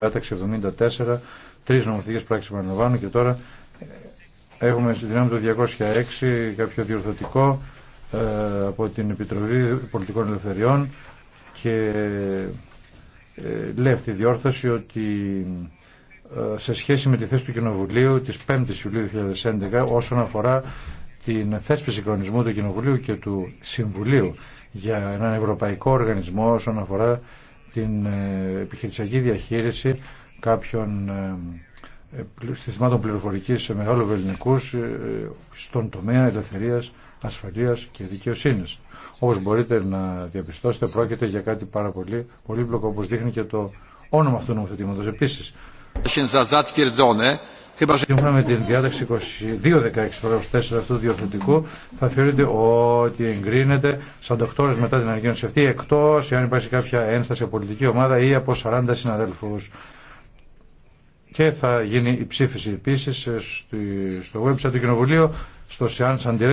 Κατάξη 74, τρεις νομοθετικές πράξεις παραλαμβάνω και τώρα ε, έχουμε στη δυνάμει του 206 κάποιο διορθωτικό ε, από την Επιτροπή Πολιτικών Ελευθεριών και ε, λέει αυτή η διόρθωση ότι ε, σε σχέση με τη θέση του Κοινοβουλίου της 5ης Ιουλίου 2011 όσον αφορά την θέσπιση κανονισμού του Κοινοβουλίου και του Συμβουλίου για έναν Ευρωπαϊκό Οργανισμό όσον αφορά την ε, επιχειρησιακή διαχείριση κάποιων ε, ε, συστημάτων πληροφορικής σε μεγάλο ελληνικού στον τομέα ελευθερίας, ασφαλείας και δικαιοσύνης. Όπως μπορείτε να διαπιστώσετε πρόκειται για κάτι πάρα πολύ πολύπλοκο όπως δείχνει και το όνομα αυτού του νομοθετήματος. Επίσης, Σύμφωνα με την διάταξη 22-16 4 αυτού διορθωτικού θα θεωρείται ότι εγκρίνεται 48 ώρε μετά την ανακοίνωση αυτή εκτό εάν υπάρχει κάποια ένσταση από πολιτική ομάδα ή από 40 συναδέλφου. Και θα γίνει η ψήφιση επίση ε, στο website του Κοινοβουλίου στο Σιάν Σαντιρέ.